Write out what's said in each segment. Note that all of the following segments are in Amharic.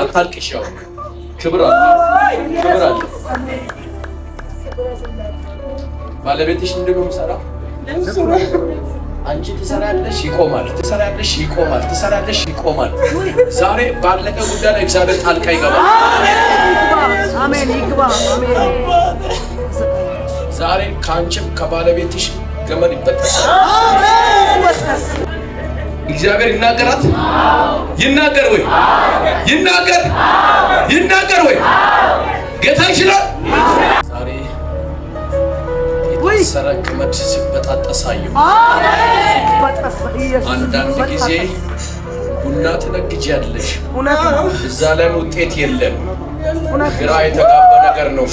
አታልቅሻው። ክብር አለ፣ ክብር አለ። ባለቤትሽ እንደው ነው አንቺ ትሰራለሽ፣ ይቆማል። ትሰራለሽ፣ ይቆማል። ትሰራለሽ፣ ይቆማል። ዛሬ ባለቀ ጉዳይ ላይ እግዚአብሔር ጣልቃ ይገባል። ዛሬ ከአንቺም ከባለቤትሽ ገመድ ይበጠሳል። እግዚአብሔር ይናገራት ይናገር ወይ ይናገር ይናገር ወይ ጌታ ይችላል። ዛሬ የታሰረ ገመድ ሲበጣጠስ አየሁ። አንዳንድ ጊዜ ቡና ትነግጃለሽ፣ እዛ ላይም ውጤት የለም። ግራ የተጋባ ነገር ነው።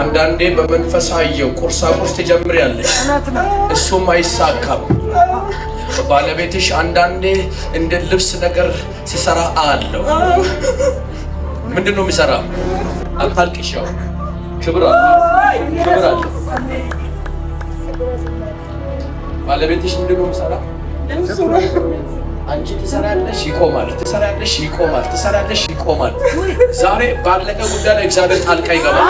አንዳንዴ በመንፈስ አየሁ ቁርሳ ትጀምሪያለሽ፣ እሱም አይሳካም። ባለቤትሽ አንዳንዴ እንደ ልብስ ነገር ሲሰራ አለው። ምንድን ነው የሚሰራ? አታልቅሻው። ክብር አለ፣ አለ። ባለቤትሽ ምንድን ነው የሚሰራ? አንቺ ትሰራለሽ፣ ይቆማል። ትሰራለሽ፣ ይቆማል። ትሰራለሽ፣ ይቆማል። ዛሬ ባለቀ ጉዳይ ላይ እግዚአብሔር ጣልቃ ይገባል።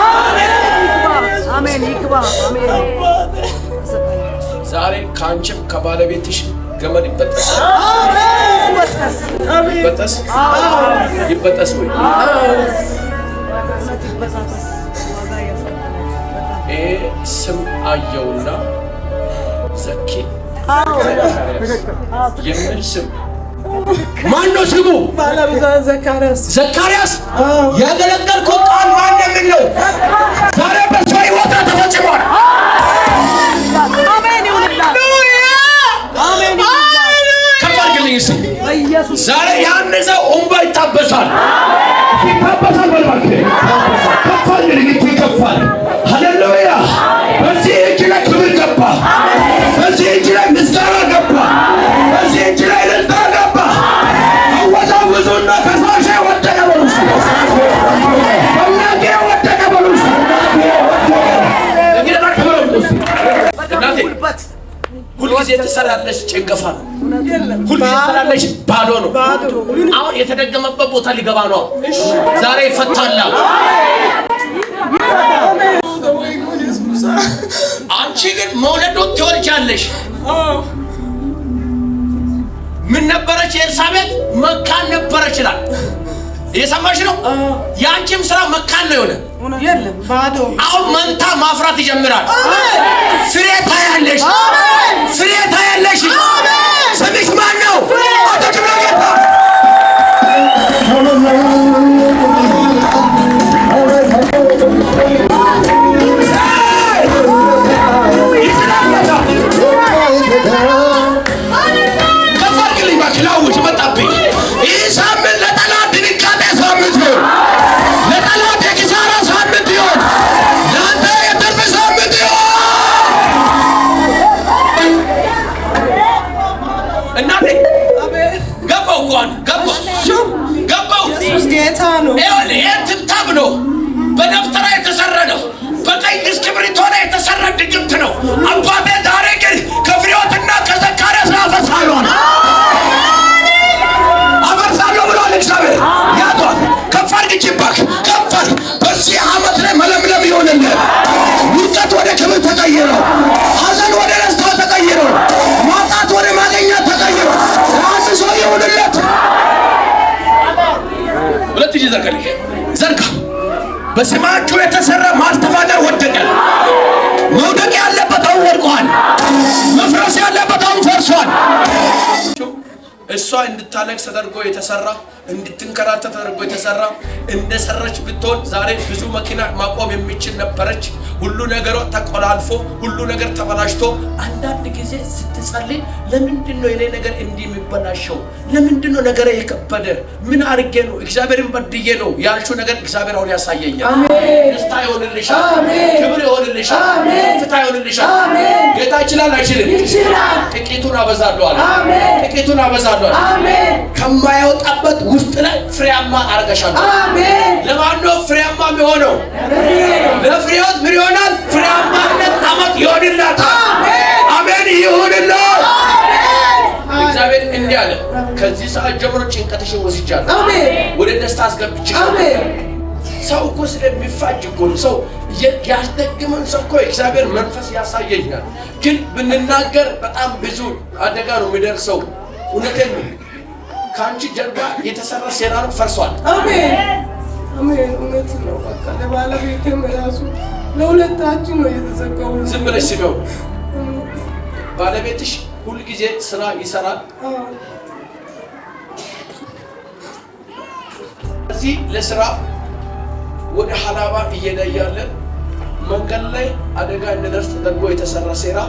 ዛሬ ከአንቺም ከባለቤትሽ ገመድ ይበጠስ ይበጠስ ይበጠስ ወይ ስም አየውና ዘኪ የሚል ስም ማነው? ስሙ ዘካርያስ ዘካርያስ ያገለገልከው ቃል አድርጌ ከፋል ልግት ይከፋል። ሃሌሉያ! በዚህ እጅ ላይ ክብር ገባ። በዚህ እጅ ላይ ምስጋና ገባ። በዚህ እጅ ላይ ልልታ ገባ። አወዛውዙና ከሳሽ ወደቀ በሉ በናጌ ወደቀ በሉ ጌታ ሁልጊዜ ትሰራለች ጭንቅፋ ሁልጊዜ ስላለሽ ባዶ ነው። አሁን የተደገመበት ቦታ ሊገባ ነው። ዛሬ ይፈታላ። አንቺ ግን መውለድ ትወልጃለሽ። ምን ነበረች ኤልሳቤጥ? መካን ነበረች ይላል። እየሰማሽ ነው። የአንቺም ስራ መካን ነው የሆነ አሁን መንታ ማፍራት ይጀምራል። ፍሬ ታያለሽ፣ ፍሬ ታያለሽ። በስማችሁ የተሰራ ማስተፋቀር ወደቀ። መውደቅ ያለበት አሁን ወድቋል። መፍረስ ያለበት አሁን ፈርሷል። እሷ እንድታለቅስ ተደርጎ የተሰራ እንድትንከራተት ተደርጎ የተሰራ እንደሰረች ብትሆን ዛሬ ብዙ መኪና ማቆም የሚችል ነበረች። ሁሉ ነገሯ ተቆላልፎ፣ ሁሉ ነገር ተበላሽቶ፣ አንዳንድ ጊዜ ስትጸልይ ለምንድን ነው የኔ ነገር እንዲህ የሚበላሸው? ለምንድን ነው ነገረ የከበደ? ምን አድርጌ ነው? እግዚአብሔርን በድዬ ነው ያልሹ ነገር እግዚአብሔር አሁን ያሳየኛል። ደስታ ይሆንልሻል፣ ክብር ይሆንልሻል፣ ፍታ ይሆንልሻል። ጌታ ይችላል አይችልም? ይችላል። ጥቂቱን አበዛለሁ አለ። ጥቂቱን አበዛ አድርገሻለሁ። አሜን። ከማይወጣበት ውስጥ ላይ ፍሬያማ አድርገሻለሁ። አሜን። ለማን ነው ፍሬያማ የሚሆነው? ለፍሬዎት ምን ይሆናል? ፍሬያማነት አመት ይሆንላታል። አሜን ይሁንላት። እግዚአብሔር እንዲህ አለ፣ ከዚህ ሰዓት ጀምሮ ጭንቀትሽን ወስጃለሁ፣ ወደ ደስታ አስገብቼሻለሁ። ሰው እኮ ስለሚፋጅ እኮ ሰው ያስደግመን ሰው እኮ እግዚአብሔር መንፈስ ያሳየኛል። ግን ብንናገር በጣም ብዙ አደጋ ነው የሚደርሰው። እውነቴን ነው። ከአንቺ ጀርባ የተሰራ ሴራ ነው ፈርሷል። አሜን አሜን። እውነት ነው። በቃ ለባለቤቴም ራሱ ለሁለታችን ነው የተዘጋው። ዝም ብለሽ ስሚው። ባለቤትሽ ሁልጊዜ ስራ ይሰራል። እዚህ ለስራ ወደ ሀላባ እየሄደ እያለ መንገድ ላይ አደጋ እንደደርስ ተደርጎ የተሰራ ሴራ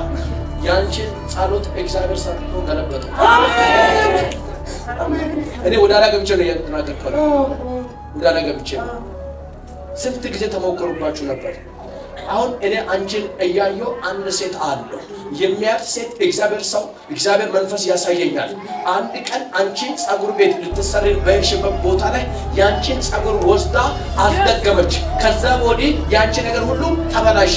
ያንቺን ጸሎት እግዚአብሔር ሰምቶ ገለበጠ። እኔ ወደ ኋላ ገብቼ ነው እያጠናቀቀ ወደ ኋላ ገብቼ ነው። ስንት ጊዜ ተሞክሮባችሁ ነበር? አሁን እኔ አንቺን እያየው አንድ ሴት አለሁ የሚያት ሴት እግዚአብሔር ሰው እግዚአብሔር መንፈስ ያሳየኛል። አንድ ቀን አንቺን ጸጉር ቤት ልትሰሪ በሽበት ቦታ ላይ ያንቺን ጸጉር ወስዳ አስደገመች። ከዛ ወዲህ ያንቺ ነገር ሁሉ ተበላሸ።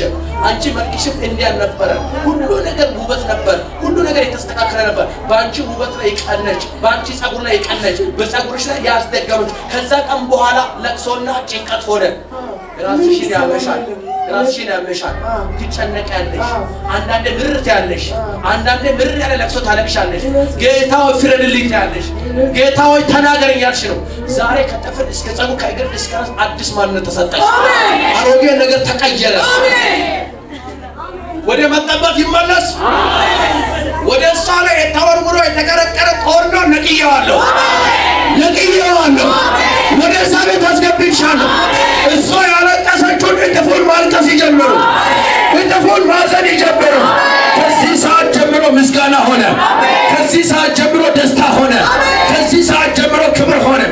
አንቺ መልክሽም እንዲያን ነበረ። ሁሉ ነገር ውበት ነበር። ሁሉ ነገር የተስተካከለ ነበር። በአንቺ ውበት ላይ ቀነች፣ በአንቺ ጸጉር ላይ ቀነች፣ በጸጉርሽ ላይ ያስደገመች። ከዛ ቀን በኋላ ለቅሶና ጭንቀት ሆነ። ራስሽን ያመሻል፣ ራስሽን ያመሻል። ትጨነቅ ያለሽ አንዳንዴ ምርት ያለሽ አንዳንዴ ምር ያለ ለቅሶ ታለቅሻለሽ። ጌታዊ ፍረድልኝ ያለሽ ጌታዊ ተናገረኝ ያልሽ ነው። ዛሬ ከጥፍር እስከ ጸጉር ከእግር እስከ ራስ አዲስ ማንነት ተሰጠሽ። አሮጌ ነገር ተቀየረ። ወደ መጠበት ይመለስ። ወደ እሷ ላይ የተወርውሮ የተቀረቀረ ቆርዶ ነቅየዋለሁ፣ ነቅየዋለሁ። ወደ እሷ ቤት አስገብቻለሁ። እሷ ማልቀስ ይጀምሩ፣ እንደፎን ማዘን ይጀምሩ። ከዚህ ሰዓት ጀምሮ ምስጋና ሆነ። ከዚህ ሰዓት ጀምሮ ደስታ ሆነ። ከዚህ ሰዓት ጀምሮ ክብር ሆነ።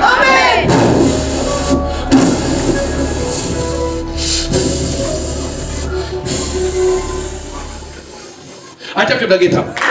አጨብጭብ ለጌታ።